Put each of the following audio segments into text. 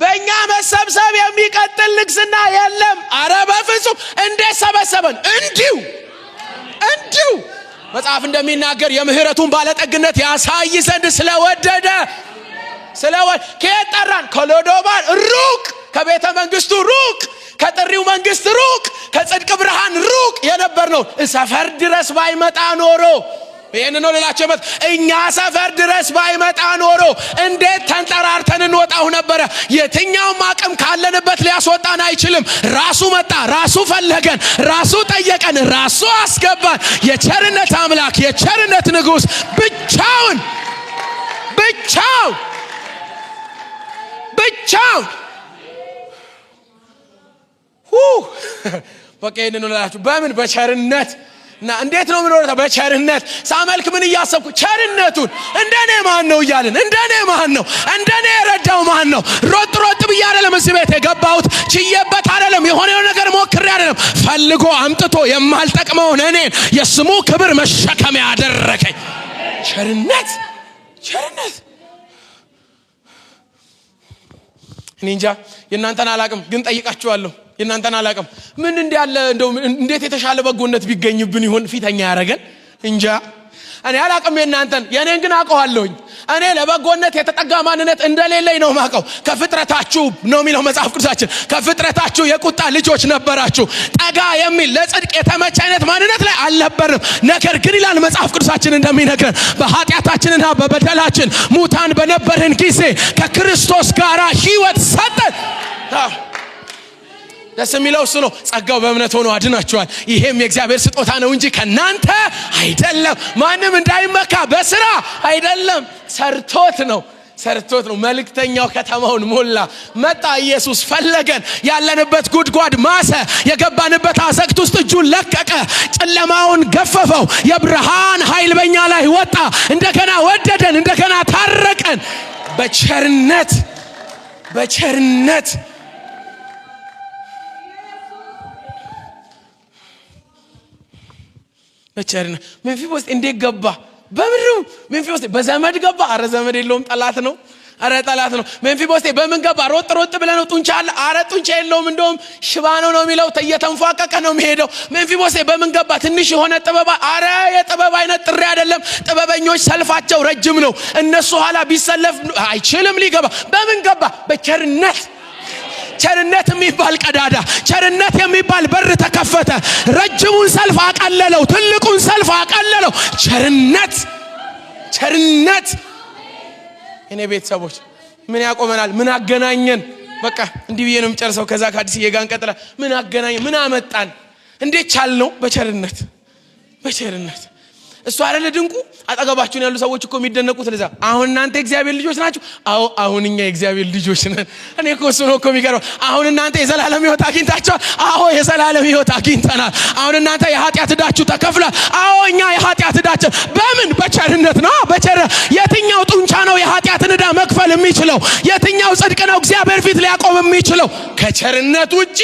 በእኛ መሰብሰብ የሚቀጥል ልግስና የለም። አረ በፍጹም እንዴት ሰበሰበን? እንዲሁ እንዲሁ መጽሐፍ እንደሚናገር የምህረቱን ባለጠግነት ያሳይ ዘንድ ስለወደደ ከየት ጠራን? ከሎዶባን ሩቅ፣ ከቤተ መንግስቱ ሩቅ፣ ከጥሪው መንግስት ሩቅ፣ ከጽድቅ ብርሃን ሩቅ የነበር ነው። ሰፈር ድረስ ባይመጣ ኖሮ ይህን ነው ልላቸው እኛ ሰፈር ድረስ ባይመጣ ኖሮ እንዴት ተንጠራርተን እንወጣሁ ነበረ። የትኛውም አቅም ካለንበት ሊያስወጣን አይችልም። ራሱ መጣ፣ ራሱ ፈለገን፣ ራሱ ጠየቀን፣ ራሱ አስገባን። የቸርነት አምላክ የቸርነት ንጉሥ ብቻውን ብቻው ብቻው በቃ ይህን ነው ልላችሁ በምን በቸርነት እና እንዴት ነው የምኖረው? በቸርነት ሳመልክ ምን እያሰብኩ ቸርነቱን እንደኔ ማን ነው እያልን እንደኔ ማን ነው እንደኔ የረዳው ማን ነው? ሮጥ ሮጥ ብዬ አይደለም እዚህ ቤት የገባሁት፣ ችዬበት አይደለም፣ የሆነው ነገር ሞክሬ አይደለም። ፈልጎ አምጥቶ የማልጠቅመውን እኔን የስሙ ክብር መሸከም ያደረገኝ ቸርነት ቸርነት። እኔ እንጃ የእናንተን አላቅም፣ ግን ጠይቃችኋለሁ የእናንተን አላቅም። ምን እንዲ ያለ እንዴት የተሻለ በጎነት ቢገኝብን ይሆን ፊተኛ ያደረገን እንጃ። እኔ አላቅም የእናንተን፣ የእኔን ግን አውቀዋለሁኝ። እኔ ለበጎነት የተጠጋ ማንነት እንደሌለኝ ነው ማቀው። ከፍጥረታችሁ ነው የሚለው መጽሐፍ ቅዱሳችን። ከፍጥረታችሁ የቁጣ ልጆች ነበራችሁ። ጠጋ የሚል ለጽድቅ የተመቸ አይነት ማንነት ላይ አልነበርም። ነገር ግን ይላል መጽሐፍ ቅዱሳችን እንደሚነግረን በኃጢአታችንና በበደላችን ሙታን በነበርን ጊዜ ከክርስቶስ ጋር ሕይወት ሰጠን። ደስ የሚለው እሱ ነው። ጸጋው በእምነት ሆኖ አድናችኋል፣ ይሄም የእግዚአብሔር ስጦታ ነው እንጂ ከእናንተ አይደለም፣ ማንም እንዳይመካ በስራ አይደለም። ሰርቶት ነው ሰርቶት ነው። መልእክተኛው ከተማውን ሞላ። መጣ ኢየሱስ ፈለገን። ያለንበት ጉድጓድ ማሰ። የገባንበት አዘቅት ውስጥ እጁን ለቀቀ። ጨለማውን ገፈፈው። የብርሃን ኃይል በኛ ላይ ወጣ። እንደገና ወደደን፣ እንደገና ታረቀን። በቸርነት በቸርነት በቸርነት ሜምፊቦስ እንዴት ገባ? በምድሩ ሜምፊቦስ በዘመድ ገባ። አረ ዘመድ የለውም ጠላት ነው። አረ ጠላት ነው። ሜምፊቦስ በምን ገባ? ሮጥ ሮጥ ብለህ ነው። ጡንቻ አለ? አረ ጡንቻ የለውም። እንደውም ሽባ ነው ነው የሚለው። እየተንፏቀቀ ነው የሚሄደው። ሜምፊቦስ በምን ገባ? ትንሽ የሆነ ጥበብ። አረ የጥበብ አይነት ጥሪ አይደለም። ጥበበኞች ሰልፋቸው ረጅም ነው። እነሱ ኋላ ቢሰለፍ አይችልም ሊገባ። በምን ገባ? በቸርነት ቸርነት የሚባል ቀዳዳ፣ ቸርነት የሚባል በር ተከፈተ። ረጅሙን ሰልፍ አቀለለው፣ ትልቁን ሰልፍ አቀለለው። ቸርነት ቸርነት። እኔ ቤተሰቦች ምን ያቆመናል? ምን አገናኘን? በቃ እንዲህ ብዬ ነው የምጨርሰው። ከዛ ከአዲስ ጋር እንቀጥላለን። ምን አገናኘን? ምን አመጣን? እንዴት ቻልነው? በቸርነት በቸርነት እሱ አይደለ ድንቁ። አጠገባችሁን ያሉ ሰዎች እኮ የሚደነቁት ለዛ። አሁን እናንተ የእግዚአብሔር ልጆች ናችሁ። አዎ አሁን እኛ የእግዚአብሔር ልጆች ነን። እኔ እኮ እሱ ነው እኮ የሚገርመው። አሁን እናንተ የዘላለም ሕይወት አግኝታችኋል። አዎ የዘላለም ሕይወት አግኝተናል። አሁን እናንተ የኃጢአት እዳችሁ ተከፍሏል። አዎ እኛ የኃጢአት እዳችን በምን በቸርነት ነው። በቸር የትኛው ጡንቻ ነው የኃጢአትን እዳ መክፈል የሚችለው? የትኛው ጽድቅ ነው እግዚአብሔር ፊት ሊያቆም የሚችለው? ከቸርነት ውጪ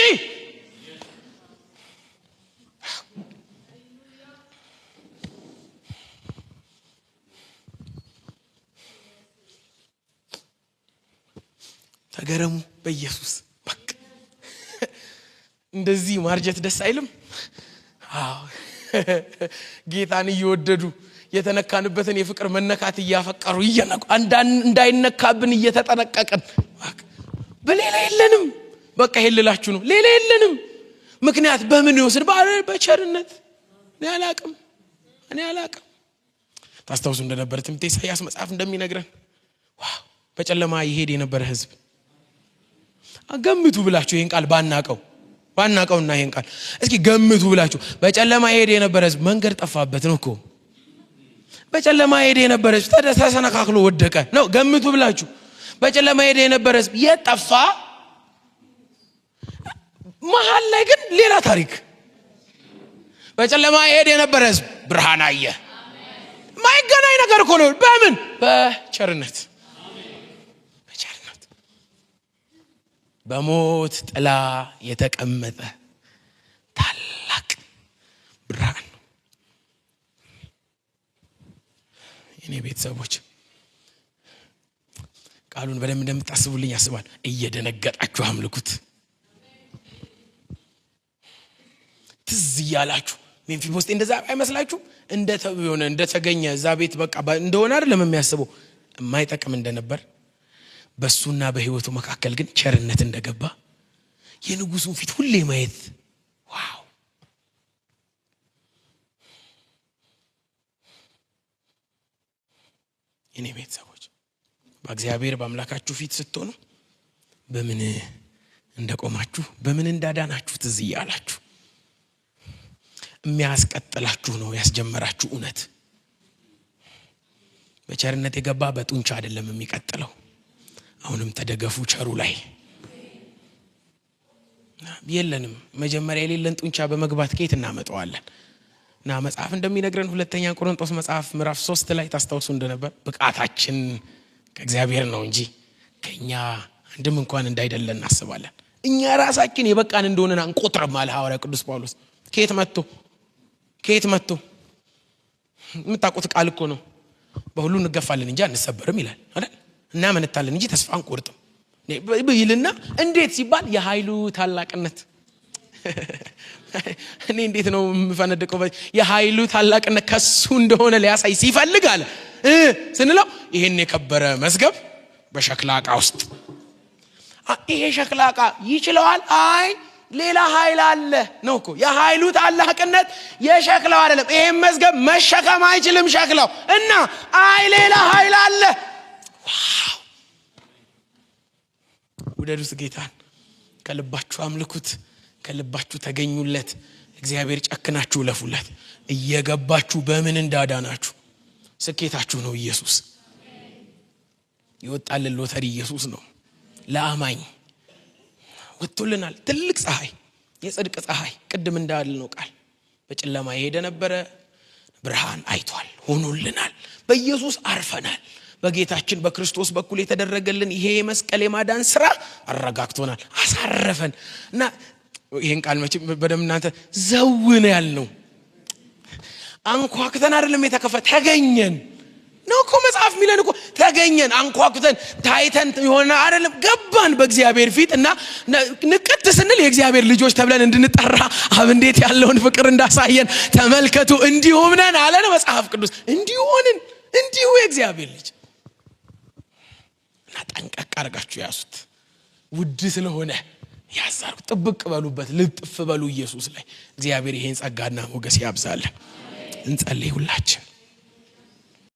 ተገረሙ በኢየሱስ በቃ እንደዚህ ማርጀት ደስ አይልም ጌታን እየወደዱ የተነካንበትን የፍቅር መነካት እያፈቀሩ እንዳይነካብን እየተጠነቀቅን በሌላ የለንም በቃ ይሄልላችሁ ነው ሌላ የለንም ምክንያት በምን ይወስድ በቸርነት እኔ አላቅም እኔ አላቅም ታስታውሱ እንደነበረ ትንቢተ ኢሳያስ መጽሐፍ እንደሚነግረን ዋው በጨለማ ይሄድ የነበረ ህዝብ ገምቱ ብላችሁ ይህን ቃል ባናቀው ባናቀውና ይህን ቃል እስኪ ገምቱ ብላችሁ በጨለማ ሄድ የነበረ ህዝብ መንገድ ጠፋበት ነው እኮ በጨለማ ሄድ የነበረ ህዝብ ተሰነካክሎ ወደቀ ነው። ገምቱ ብላችሁ በጨለማ ሄድ የነበረ ህዝብ የጠፋ መሀል ላይ ግን ሌላ ታሪክ። በጨለማ ሄድ የነበረ ህዝብ ብርሃን አየ። ማይገናኝ ነገር እኮ ነው። በምን በቸርነት በሞት ጥላ የተቀመጠ ታላቅ ብርሃን ነው። እኔ ቤተሰቦች ቃሉን በደንብ እንደምታስቡልኝ ያስባል። እየደነገጣችሁ አምልኩት። ትዝ እያላችሁ ውስጥ እንደዛ አይመስላችሁ? እንደሆነ እንደተገኘ እዛ ቤት በቃ እንደሆነ አይደለም የሚያስበው የማይጠቅም እንደነበር በእሱና በህይወቱ መካከል ግን ቸርነት እንደገባ የንጉሱን ፊት ሁሌ ማየት ዋው እኔ ቤተሰቦች በእግዚአብሔር በአምላካችሁ ፊት ስትሆኑ በምን እንደቆማችሁ በምን እንዳዳናችሁ ትዝ እያላችሁ የሚያስቀጥላችሁ ነው ያስጀመራችሁ እውነት በቸርነት የገባ በጡንቻ አይደለም የሚቀጥለው አሁንም ተደገፉ ቸሩ ላይ የለንም። መጀመሪያ የሌለን ጡንቻ በመግባት ከየት እናመጣዋለን? እና መጽሐፍ እንደሚነግረን ሁለተኛ ቆሮንጦስ መጽሐፍ ምዕራፍ ሶስት ላይ ታስታውሱ እንደነበር ብቃታችን ከእግዚአብሔር ነው እንጂ ከእኛ አንድም እንኳን እንዳይደለን እናስባለን። እኛ ራሳችን የበቃን እንደሆነን አንቆጥርም አለ ሐዋርያ ቅዱስ ጳውሎስ። ከየት መጥቶ ከየት መጥቶ የምታቁት ቃል እኮ ነው። በሁሉ እንገፋለን እንጂ አንሰበርም ይላል እናመነታለን እንጂ ተስፋ አንቆርጥም ይልና እንዴት ሲባል የኃይሉ ታላቅነት እኔ እንዴት ነው የምፈነድቀው? የኃይሉ ታላቅነት ከሱ እንደሆነ ሊያሳይ ሲፈልግ አለ ስንለው ይህን የከበረ መዝገብ በሸክላ እቃ ውስጥ ይሄ ሸክላ እቃ ይችለዋል። አይ ሌላ ኃይል አለ ነው እኮ የኃይሉ ታላቅነት የሸክላው አይደለም። ይሄን መዝገብ መሸከም አይችልም ሸክላው እና አይ ሌላ ኃይል አለ ውደዱስ ጌታን፣ ከልባችሁ አምልኩት፣ ከልባችሁ ተገኙለት። እግዚአብሔር ጨክናችሁ ለፉለት፣ እየገባችሁ በምን እንዳዳናችሁ ስኬታችሁ ነው። ኢየሱስ የወጣልን ሎተሪ ኢየሱስ ነው። ለአማኝ ወጥቶልናል ትልቅ ፀሐይ፣ የጽድቅ ፀሐይ። ቅድም እንዳል ነው ቃል በጨለማ የሄደ ነበረ፣ ብርሃን አይቷል፣ ሆኖልናል። በኢየሱስ አርፈናል። በጌታችን በክርስቶስ በኩል የተደረገልን ይሄ የመስቀል የማዳን ስራ አረጋግቶናል፣ አሳረፈን እና ይህን ቃል መቼም በደም እናንተ ዘውን ያልነው አንኳክተን አይደለም የተከፈ ተገኘን ነው እኮ መጽሐፍ የሚለን እኮ ተገኘን፣ አንኳኩተን ታይተን የሆነ አይደለም ገባን በእግዚአብሔር ፊት እና ንቅት ስንል የእግዚአብሔር ልጆች ተብለን እንድንጠራ አብ እንዴት ያለውን ፍቅር እንዳሳየን ተመልከቱ። እንዲሁም ነን አለን መጽሐፍ ቅዱስ እንዲሆንን እንዲሁ የእግዚአብሔር ልጅ እና ጠንቀቅ አርጋችሁ ያዙት። ውድ ስለሆነ ያዛሩ ጥብቅ በሉበት፣ ልጥፍ በሉ ኢየሱስ ላይ። እግዚአብሔር ይሄን ጸጋና ሞገስ ያብዛለ እንጸልይ ሁላችን።